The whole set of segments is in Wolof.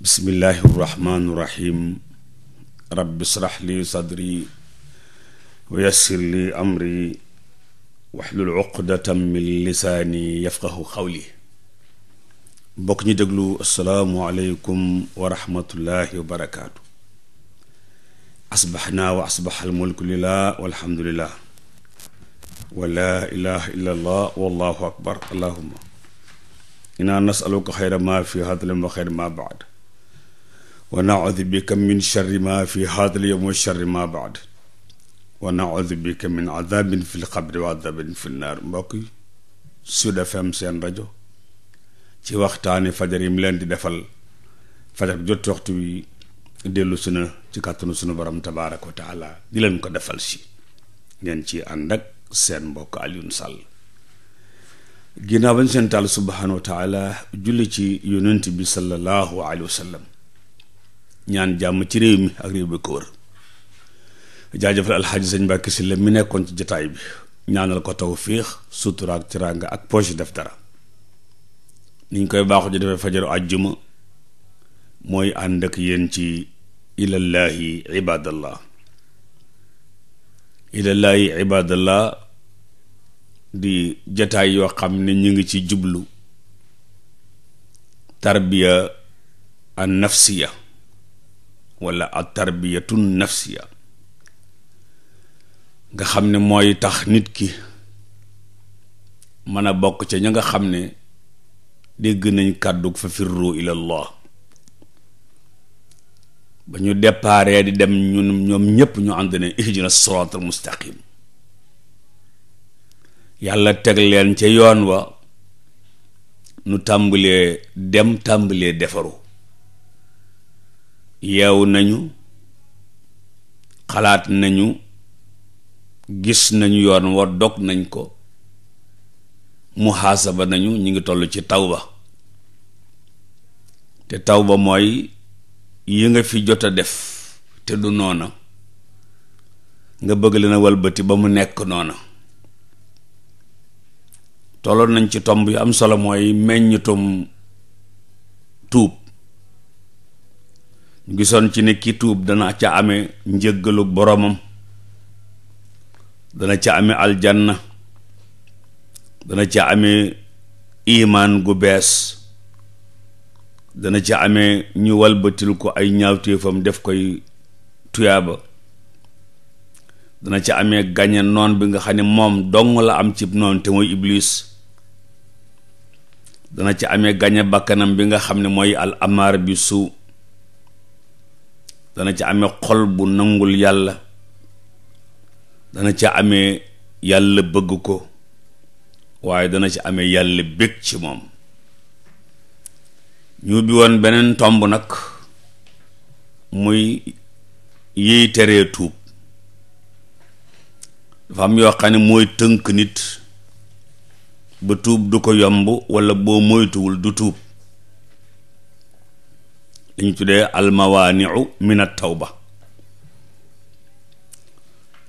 bismillaahi rahmaani rahiim rabbi srax li sadri wa yassir li amri waxlul uqdatam min lisaani yafqahu xawli bokk ñi déglu assalaamu aleykum wa rahmatullaahi wa barakaatu asbaxnaa wa asbax almulku lillaah walhamdulillaah wa laa ilaaha illallaah wallaahu akbar allaahumma innaa nasaluka xayra maa fi hadal wa xayra maa baad wa naudu bika min sharri ma fi haadal yawm wa sharri ma baad wa naudu bika min adaabin fi lxabri wa adaabin fi naar mbokk yi Sud FM seen rajo ci waxtaani fajar yi mu leen di defal fajar bi jot waxtu wi dellu su na ci kàttanu sunu borom tabaaraka wa taala di leen ko defal si ngeen ci ànd ak seen mbokk Alioune Sall ginnaaw bañ seen taal subhaanahu wa taala julli ci yonent bi sallallahu alayhi wa sallam ñaan jàmm ci réew mi ak réew bi ko wër jaajëfal alxaaji sëñ Mbàkke si la mi nekkoon ci jataay bi ñaanal ko tawfiix sutura ak tiraanga ak poche def dara niñ koy baaxu ji defee fajaru àjjuma mooy ànd ak yéen ci ilallaahi ibaadallah ilallaahi ibaadallah di jataay yoo xam ne ñu ngi ci jublu tarbiya an nafsiya wala at tarbiyatun nafsiya nga xam ne mooy tax nit ki mën a bokk ca ña nga xam ne dégg nañ kàddug fa firru ilallah ba ñu déparee di dem ñoom ñépp ñu ànd ne ihdina siraat al mustaqim yàlla teg leen ca yoon wa nu tàmbalee dem tàmbalee defaru yeew nañu xalaat nañu gis nañu yoon wa dog nañ ko muhaasaba nañu ñu ngi toll ci taw tawba te taw ba mooy yi nga fi jot a def te du noona nga bëgg leen walbati ba mu nekk noona tolloon nañ ci tomb yu am solo mooy meññitum tuub ñu gisoon ci ne ki tuub dana ca amee njëggalu boromam dana ca amee aljanna dana ca amee imaan gu bees dana ca amee ñu walbatil ko ay ñaawteefam def koy tuyaaba dana ca amee gañe noon bi nga xam ne moom dong la am ci noon te mooy iblis dana ca amee gañe bakkanam bi nga xam ne mooy al bi suu dana ca amee xol bu nangul yàlla dana ca ame yàlla bëgg ko waaye dana ci ame yàlla bég ci moom ñu bi woon beneen tomb nag muy yiy teree tuub dafa am yoo xam mooy tënk nit ba tuub du ko yomb walla boo moytuwul du tuub li ñu tuddee almawaaniu min at tawba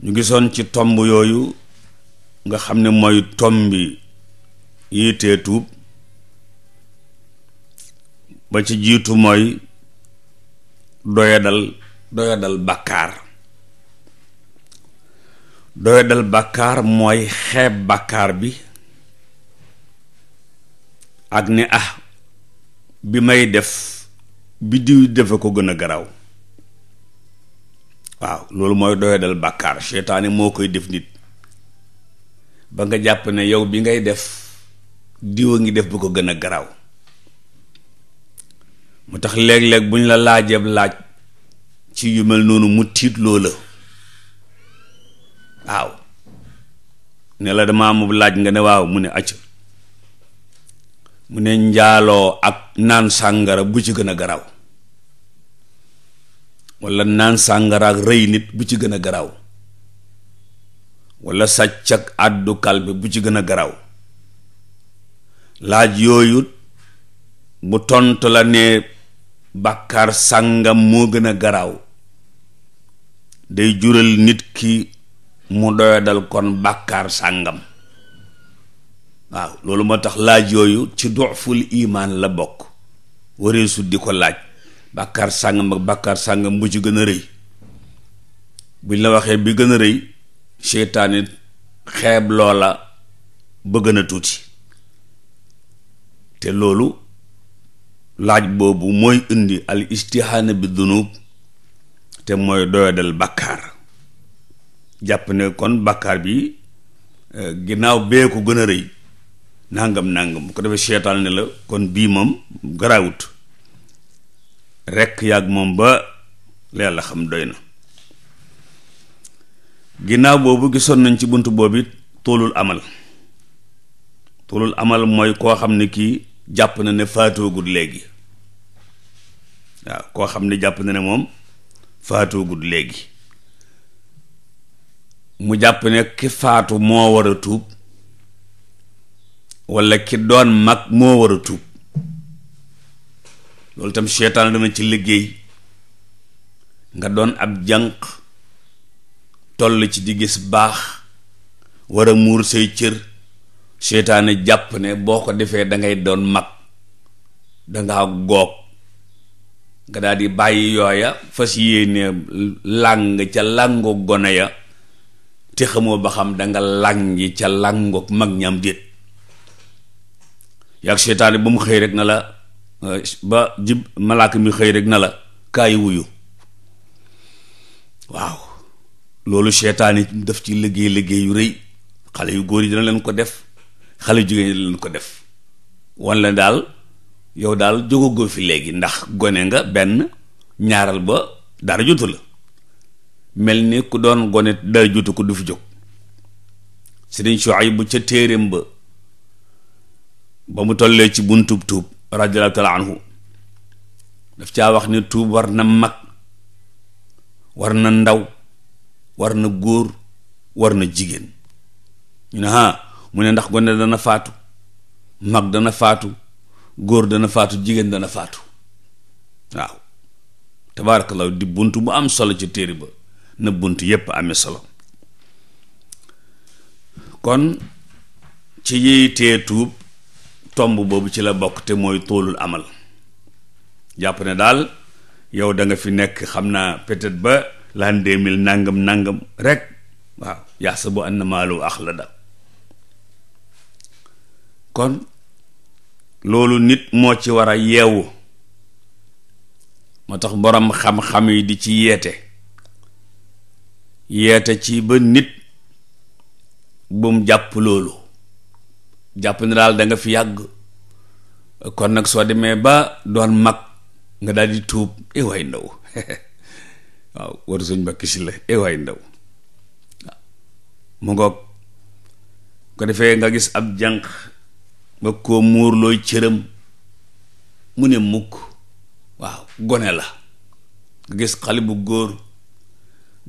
ñu gisoon ci tomb yooyu nga xam ni mooy tombi yiitee tuub ba ci jiitu mooy doyadal doyadal bàkkaar doyadal bàkkaar mooy xeeb bàkkaar bi ak ne ah bi may def biddiw defe ko gën a garaaw waaw loolu mooy doyadal bàkkaar seytaane moo koy def nit ba nga jàpp ne yow bi ngay def a ngi def bu ko gën a garaaw mu tax léeg-léeg bu ñu la laajeeb laaj ci yu mel noonu mu tiit loola waaw ne la dama amub laaj nga ne waaw mu ne acc mu ne njaaloo ak naan sàngara bu ci gën a garaaw wala naan sàngaraag rëy nit bu ci gën a garaaw wala sàcc ak àddu kalbe bu ci gën a garaaw laaj yooyu bu tontu la ne bàkkaar sàngam moo gën a garaaw day jural nit ki mu doyadal kon bàkkaar sàngam waaw loolu moo tax laaj yooyu ci doxful imaan la bokk wareesu di ko laaj bàkkaar sàngam ak bàkkaar sàngam bu ci gën a rëy buñ la waxee bi gën a rëy seytaane xeeb loola bëgg na tuuti te loolu laaj boobu mooy indi al istihaana bi dunub te mooy doyadal bàkkaar jàpp ne kon bàkkaar bi eh, ginnaaw bee ko gën a rëy nangam nangam bu ko defee seetaan ne la kon bii moom garaawut rekk yàgg moom ba la yàlla xam doy na ginnaaw boobu gisoon nañ ci bunt boobu toolul amal toolul amal mooy koo xam ne kii jàpp na ne faatoogul léegi waaw koo xam ne jàpp na ne moom faatoogul léegi mu jàpp ne ki faatu moo war a tuub walla ki doon mag moo war a tuub loolu tam seytaan dana ci liggéey nga doon ab jànq toll ci di gis baax war a muur say cër seytaane jàpp ne boo ko defee dangay ngay doon mag dangaa goog nga daal di bàyyi yooya fas yéene làng ca làngoog gone ya te xamoo ba xam danga làngi ca làngoog mag ñam déet yaag seytaane ba mu xëy rek na la Euh, ba jib malaaka mi xëy rek na la kaay wuyu waaw loolu seetaan yi daf ci liggéey liggéey yu rëy xale yu góor yi dina leen ko def xale yu jigéen yi dina leen ko def wan la daal yow daal jógagoo fi léegi ndax gone nga benn ñaaral ba dara jotu la mel ni ku doon gone dara jotu ko du fi jóg sëriñ Shuayb bu ca téereem ba ba mu tollee ci buntub tuub radiallahu taala anhu daf caa wax ne tuub war na mag war na ndaw war na góor war na jigéen ñu ne ha mu ne ndax gone dana faatu mag dana faatu góor dana faatu jigéen dana faatu waaw tabaarakallahu di bunt bu am solo ci téere ba na bunt yépp amee solo kon ci yiy tee tuub tomb boobu ci la bokk te mooy tóolul amal jàpp na daal yow da nga fi nekk xam naa peut-être ba l'an deux mille nangam nangam rek waaw yaxsabu anna maalahu axlada kon loolu nit moo ci war a yeewu moo tax boroom xam-xam yi di ci yeete yeete ci ba nit bum jàpp loolu jàpp na daal danga fi yàgg kon nag soo demee ba doon mag nga daal di tuub e ndaw waaw waru suñ mbakki si la e ndaw waaw mu ngoog ko defee nga gis ab jànq ba koo muur looy cëram mu ne mukk waaw gone la nga gis xale bu góor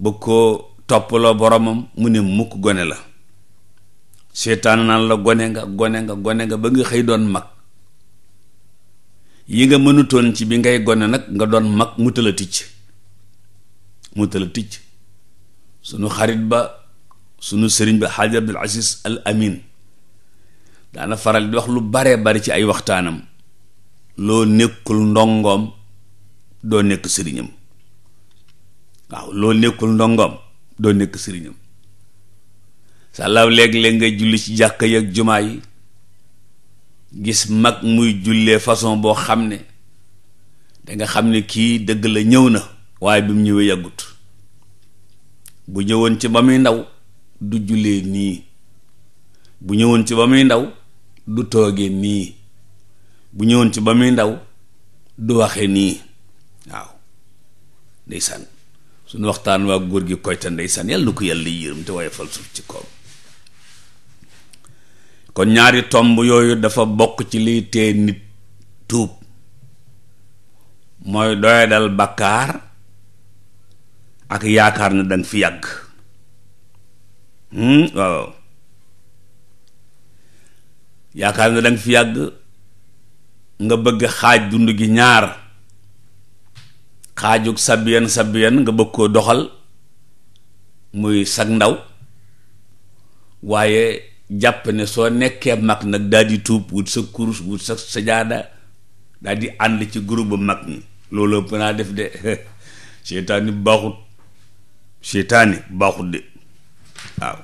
ba koo toppaloo boromam mu ne mukk gone la seetaan naan la gone nga gone nga gone nga ba nga xëy doon mag yi nga mënutoon ci bi ngay gone nag nga doon mag mu tëla ticc mu tëla ticc sunu xarit ba sunu sëriñ bi xaaj abdul aziz al amin daana faral di wax lu baree bari ci ay waxtaanam loo nekkul ndongoom doo nekk sëriñam waaw loo nekkul ndongoom doo nekk sëriñam sàllaaw léeg-léeg nga julli ci jàkka yi ak jumaa yi gis mag muy jullee façon boo xam ne danga xam ne kii dëgg la ñëw na waaye bi mu ñëwee yàggut bu ñëwoon ci ba muy ndaw du jullee nii bu ñëwoon ci ba muy ndaw du toogee nii bu ñëwoon ci ba muy ndaw du waxe nii waaw ndeysaan suñu waxtaan waa góor gi koyta ndeysaan yàlla na ko yàlla yërëm te waaye fal ci koom kon ñaari tomb yooyu dafa bokk ci liy tee nit tuub mooy doyadal bàkkaar ak yaakaar na danga fi yàgg hmm? waaw yaakaar na danga fi yàgg nga bëgg xaaj dund gi ñaar xaajug sabiyen sabiyen nga bëgg koo doxal muy sag ndaw waaye jàpp ne soo nekkee mag nag daal di tuub wut sa kurus wut sa sajaada daal ànd ci groupe mag ñi loolu ëpp naa def de seytaani baaxut seytaani baaxut de waaw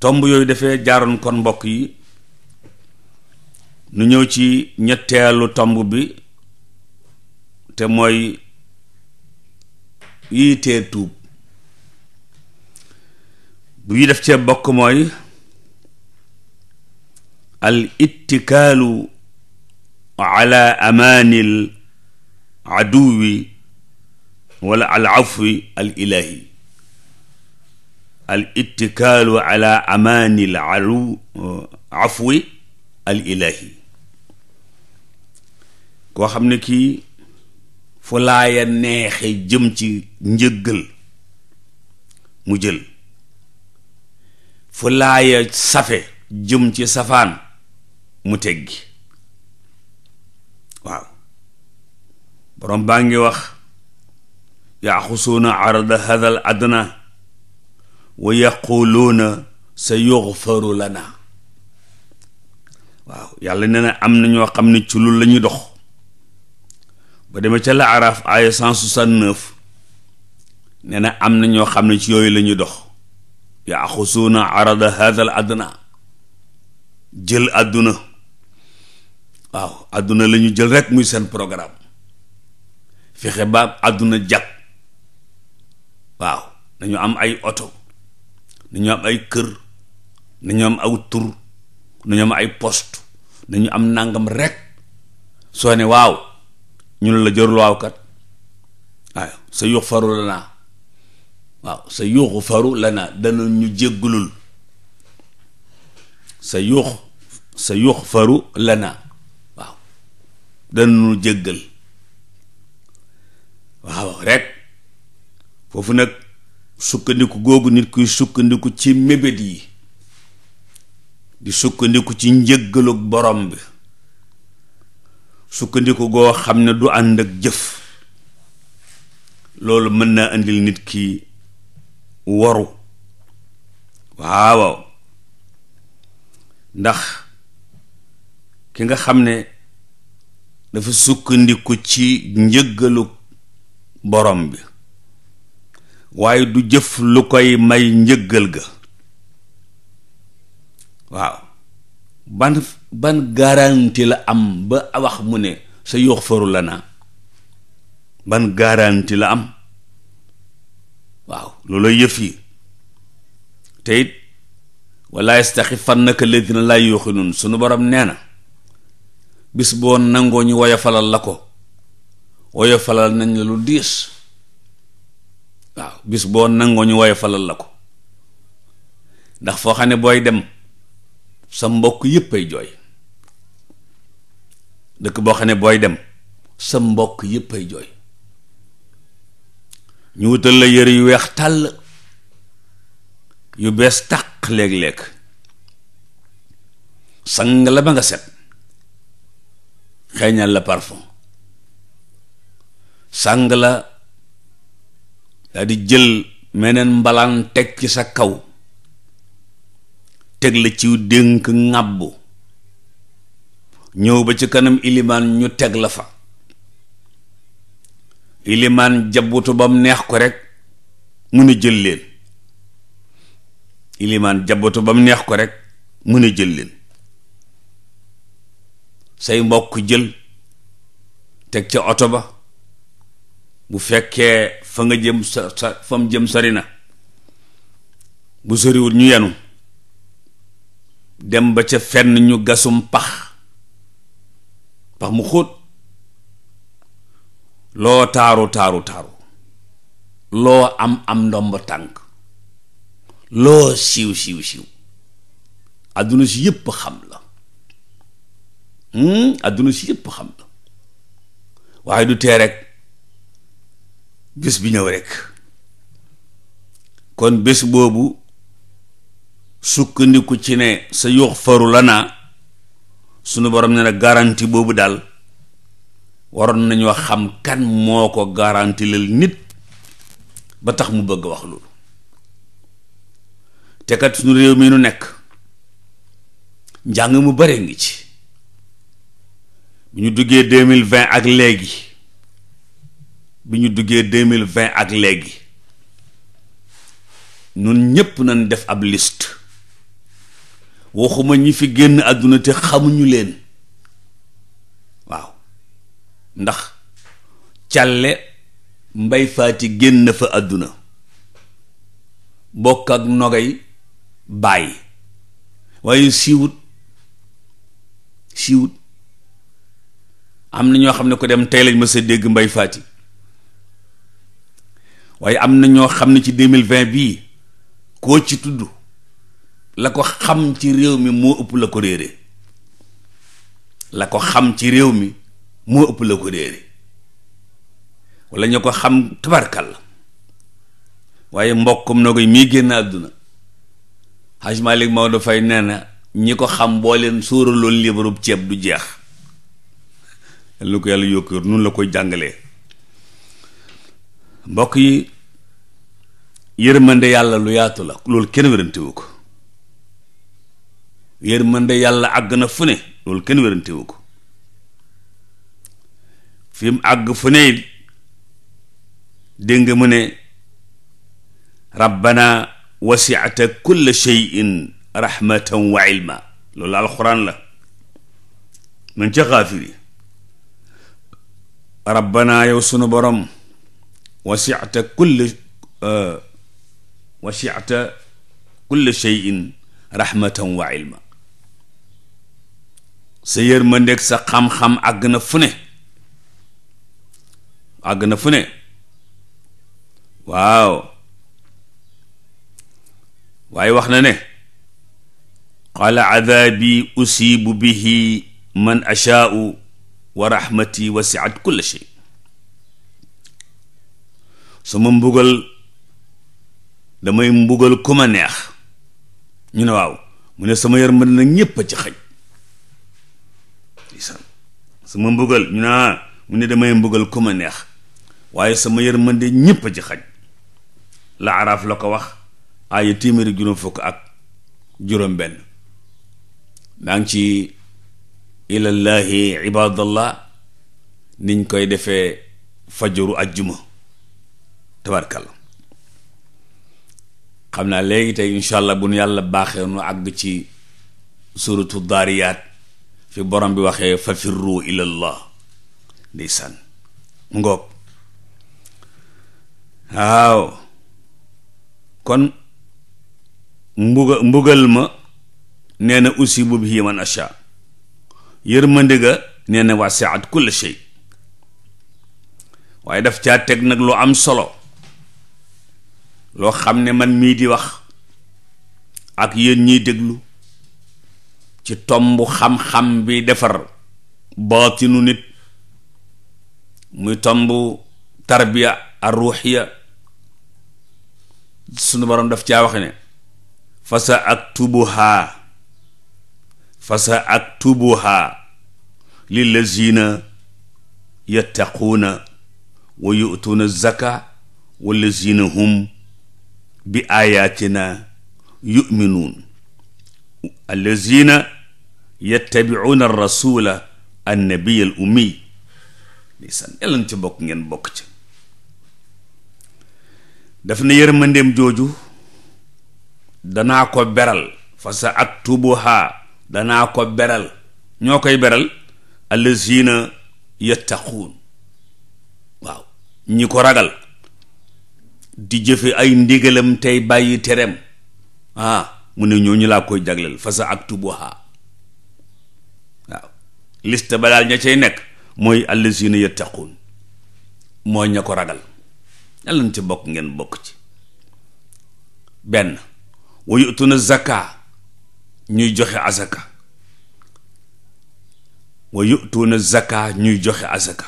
tomb yooyu dafee jaaroon kon mbokk yi nu ñëw ci ñetteelu tomb bi te mooy yiitee tuub bu yi def cee mbokk mooy al ittikaalu ala aduwi wala al afwi al ilahi al alu afwi al ilahi koo xam ne kii fu neexe jëm ci njëggal mu jël fu safe jëm ci safaan mu teggi waaw borom baa ngi wax yaxusuuna arada hadal adna wa yaquluuna sa yuxfaru lana waaw yàlla nee na am na ñoo xam ne ci loolu la ñuy dox ba demee ca la araaf aaya 169 nee na am na ñoo xam ne ci yooyu la ñuy dox yaxusuuna arada hadal adna jël àdduna waaw àdduna lañu jël rek muy seen programme fexe ba àdduna jag waaw nañu am ay oto nañu am ay kër nañu am aw tur nañu am ay poste nañu am nàngam rek soo ne waaw ñu ne la jërul waaw kat waaw sa yuux faru la waaw sa yuuxu faru la naa dana ñu jéggulul sa yuux sa yuux faru la danañu jëggal waaw rek foofu nag sukkandiku googu nit kuy sukkandiku ci mébét yi di sukkandiku ci njëggalug borom bi sukkandiku goo xam ne du ànd ak jëf loolu mën naa indil nit ki waru waaw ndax ki nga xam ne dafa sukkandiku ci njëggalu borom bi waaye du jëf lu koy may njëggal ga waaw ban ban garantie la am ba wax mu ne sa yuxfaru la naa ban garantie la am waaw loolooy yëf yi te it wala yastaxifannaka alladina laa yuuxinuun sunu borom nee na bis boo nangoo ñu woyofalal la ko falal nañ la lu diis waaw bis boo nangoo ñu falal la ko ndax foo xam ne booy dem sa mbokk yépp ay jooy dëkk boo xam ne booy dem sa mbokk yépp ay jooy ñu wutal la yére yu weex tàll yu bees tàq léeg-léeg sang la ba nga set xeeñal la parfum sàng la daa di jël meneen mbalaan teg ci sa kaw teg la ciw dénk ŋàbbu ñëw ba ci kanam ilimaan ñu teg la fa ilimaan jabbutu ba mu neex ko rek mu ne jël leen ilimaan jabbutu ba mu neex ko rek mu ne jël leen say mbokk jël teg ca oto ba bu fekkee fa nga jëm sa sa fa jëm sori na bu soriwul ñu yenu dem ba ca fenn ñu gasum pax pax mu xóot loo taaru taaru taaru loo am am ndomb tànk loo siiw siiw siiw àdduna si yépp xam la Hmm? adduna si yëpp xam na waaye du tee rek bés bi ñëw rek kon bés boobu sukkandiku ci ne sa yox faru la naa sunu borom ne garanti boobu daal waroon nañoo xam kan moo ko garanti la nit ba tax mu bëgg wax loolu te kat suñu réew mi nu nekk njàng mu bare ngi ci bi ñu duggee deux mille vingt ak léegi bi ñu duggee deux mille vingt ak léegi nun ñépp nañ def ab liste waxuma ñi fi génn àdduna te xamuñu leen waaw ndax càlle mbay faati génn fa àdduna bokk ak nogay bàyyi waaye siiwut siiwut am na ñoo xam ne ko dem tey lañ ma sa dégg mbay faati waaye am na ñoo xam ne ci 2020 bii koo ci tudd la ko xam ci réew mi moo ëpp la ko réere la ko xam ci réew mi moo ëpp la ko réere wala ñu ko xam tabarkal la waaye mbokkum na koy mii génn àdduna Haj Malik Maodo Faye nee na ñi ko xam boo leen sóoraloon liibarub ceeb du jeex yàlla na ko la koy jàngalee mbokk yi yërmande yàlla lu yaatu la loolu kenn wérantewu ko yërmande yàlla àgg na fu ne kenn wérantewu ko fi àgg fu dégg nga mu ne rabbana wasiata kulla shay'in rahmatan wa ilma loolu alxuraan la man ca xaafir rabbanaa yow sunu borom wasita kull euh, wasita kull sheyin rahmatan wa ilma sa yërmandeeg sa xam-xam àgg na fu ne àgg na fu ne waaw waaye wax na ne qaala adaabi usiibu bihi man ashaau wa rahmati wasiat kulla shay sama mbugal damay mbugal ku ma neex ñu ne waaw mu ne sama mën na ñépp a ci xaj sama mbugal ñu ne ah, mu ne damay mbugal ku ma neex waaye sama yërmande ñépp a ci xaj la araaf la ko wax aaya téeméeri juróom fukk ak juróom benn maa ci ilallaahi ibadallah niñ koy defee fajaru ajjuma tabarkalla xam naa léegi tey incha allah bu nu yàlla baaxee nu àgg ci suratu daariyaat fi borom bi waxee fa firru ilallah ndeysaan mu ngoog waaw kon mbuga mbugal ma nee na usibu bihi man asha yërmande ga nee na wasiat kulla shay waaye daf caa teg nag lu am solo loo xam ne man mii di wax ak yéen ñiy déglu ci tomb xam-xam bi defar baatinu nit muy tomb tarbiya arruxiya sunu borom daf caa wax ne fasa aktubuha fa sa aktubuhaa lillazina yattaquuna wa yutuuna zaka wallazina hum bi ayatina yuminuun allazina yattabicuuna arrasula annabiya al ummiy ndeysaan yàlla na ci bokk ngeen bokk ci daf na yërmandeem jooju danaa ko beral fa sa aktubuhaa danaa ko beral ñoo koy beral allazina yattaquun waaw ñi ko ragal di jëfe ay ndigalam tey bàyyi terem ah mu ne ñu laa koy jagleel fa sa aktubuha waaw list ba daal ña cay nekk mooy allazina yattaquun mooy ña ko ragal yàlla na ci bokk ngeen bokk ci benn wa yutuna zaka ñuy joxe azaka wa yutuuna zaka ñuy joxe azaka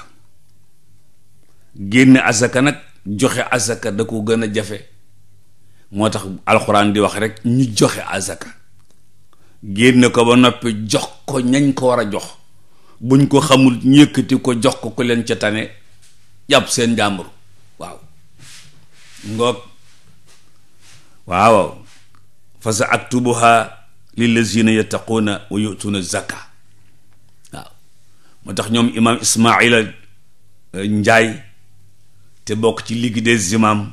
génne azaka nag joxe azaka da ko gën a jafe moo tax alxuraan di wax rek ñu joxe azaka génne ko ba noppi jox ko ñañ ko war a jox buñ ko xamul yëkkati ko jox ko ku leen ca tane jàpp seen jàmbur waaw ngoog waaw fa sa aktubuha lillazina yattaquuna wa na zaka waaw moo tax ñoom imaam Ismaila euh, Njaay te bokk ci ligue des imams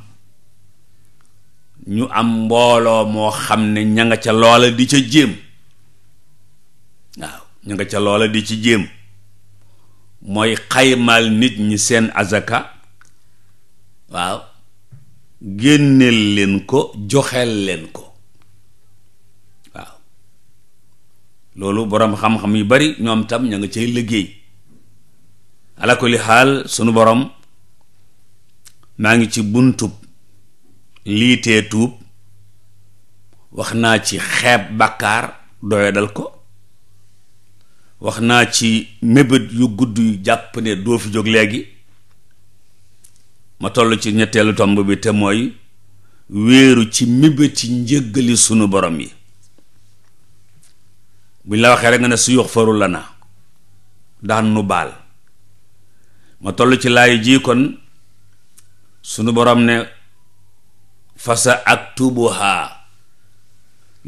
ñu am mbooloo moo xam ne ña nga ca loola di ca jéem waaw ña nga ca loola di ci jéem mooy xaymaal nit ñi seen azaka waaw génneel leen ko joxeel leen ko loolu boroom xam-xam yu bari ñoom tam ñu nga cay liggéey ala kulli xaal sunu boroom maa ngi ci buntub liitee tuub wax naa ci xeeb bàkkaar doyadal ko wax naa ci mébét yu gudd yu jàpp ne doo fi jóg léegi ma toll ci ñetteelu tomb bi te mooy wéeru ci mébéti njëggali sunu borom yi buñ la waxee rek nga ne su yox faru la na daan nu baal ma toll ci lay ji kon sunu borom ne fasa ak aktubuha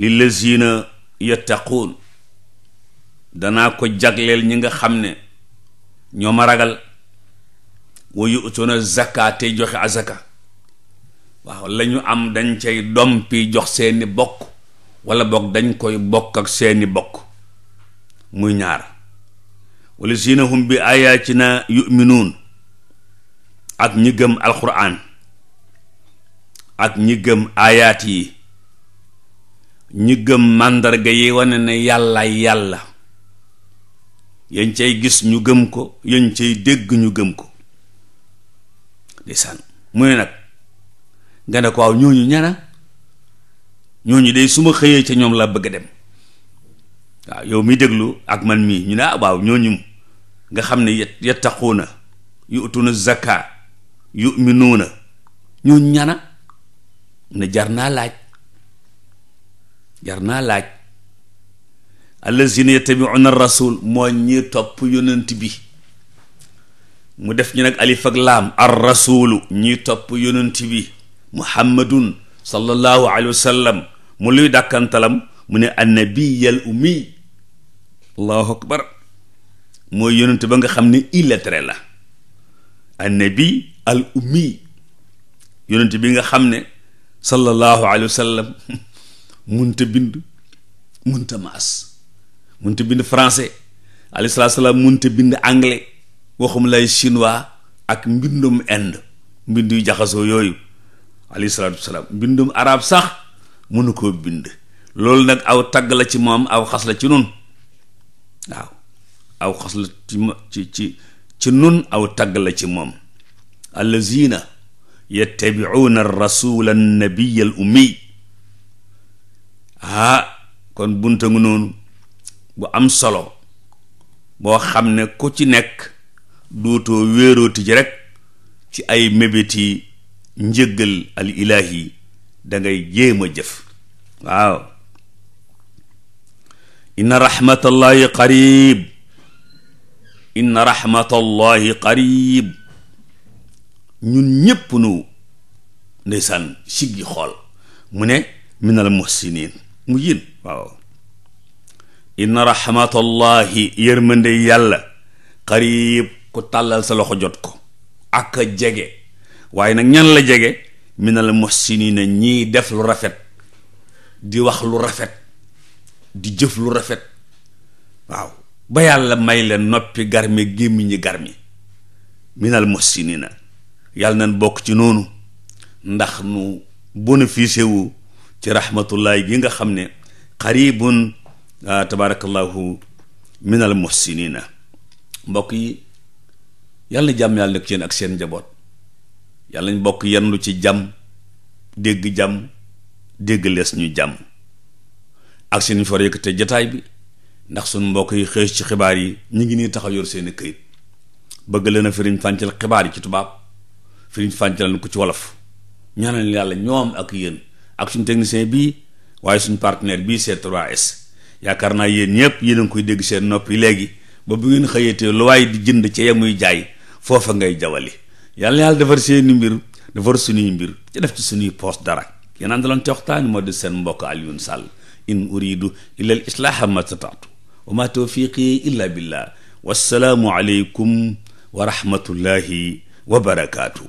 lillazina yattaquun danaa ko jagleel ñi nga xam ne ñoo ma ragal wa yu'tuuna zaka tey joxe azaka waaw lañu am dañ cay dompi jox seeni bokk wala bokk dañ koy bokk ak seeni bokk muy ñaar wala zinahum bi na yuminuun ak ñi gëm alquran ak ñi gëm ayaat yi ñi gëm màndarga yi wane ne yàlla yàlla yañ cay gis ñu gëm ko yañ cay dégg ñu gëm ko ndeysaan mu ne nag nga ne ko waaw ñooñu ñana ñooñu day su ma xëyee ca ñoom laa bëgg dem waaw yow mi déglu ak man mii ñu ne ah waaw ñooñu nga xam ne yattaquuna yu'tuuna zakka yu'minuuna ñu ñana ne jar naa laaj jar naa laaj allazina rasul mooy ñi topp yonent bi mu def ñi nag alif laam ar ñi topp yonent bi muhammadun sallallahu alayhi wa sallam mu luy dàkkantalam mu ne annabiyal ummi allahu akbar mooy yonent ba nga xam ne illettré la annabi al ummi yonent bi nga xam ne sallallahu alayhi wa sallam munta bind munta maas munta bind français alayhi salaatu salaam munta bind anglais waxum lay chinois ak mbindum Inde mbind yu jaxasoo yooyu alayhi salaatu salaam mbindum arab sax mënu koo bind loolu nag aw tagg la ci moom aw xas la ci nun waaw aw xas la ci ma ci ci ci nun aw tagg la ci moom allazina yattabi'una rasula annabiya al ummiy ah kon bunta ngu noonu bu am solo boo xam ne ku ci nekk dootoo wéerooti ji rek ci ay mébéti njëggal al ilahi da ngay jéem a jëf waaw inna raxmatallahi qarib inna raxmatallahi qarib ñun ñépp nu ndeysaan siggi xool mu ne minal muhsinin mu yéen waaw inna raxmatallahi yërmande yàlla qarib ku tàllal sa loxo jot ko ak jege waaye nag ñan la jege minal muhsinin ñiy def lu rafet di wax lu rafet di jëf lu rafet waaw ba yàlla may leen noppi garmi gémmiñi garmi minal muhsinina yàlla nañ bokk ci noonu ndax nu bénéficié wu ci rahmatullahi gi nga xam ne xaribun tabaarakallahu minal muhsinina mbokk yi yàlla jàmm yàlla nekk ci yéen ak seen njaboot yàlla nañ bokk yenn lu ci jàmm dégg jàmm dégg lees ñu jàmm ak seen fa yëkkate jataay bi ndax suñ mbokk yi xëy ci xibaar yi ñu ngi nii taxaw yor seen i këyit bëgg leen a firiñ fàncal xibaar yi ci tubaab firiñ fàncal ko ci wolof ñaanal yàlla ñoom ak yéen ak suñ technicien bii waaye suñ partenaire bii c yaakaar naa yéen ñëpp yéen a ngi koy dégg seen noppi léegi ba bu ngeen xëyatee lu waaye di jënd ca muy jaay foofa ngay jawali yàlla na yàlla defar seeni mbir defar suñuy mbir ci def ci suñuy poste dara yéen àndaloon ci waxtaan moo di seen mbokk Alioune Sall in uridu illa al islaaha ma stataatu wa ma tawfiqi illa billah wassalaamu aleykum wa rahmatullahi wa barakaatu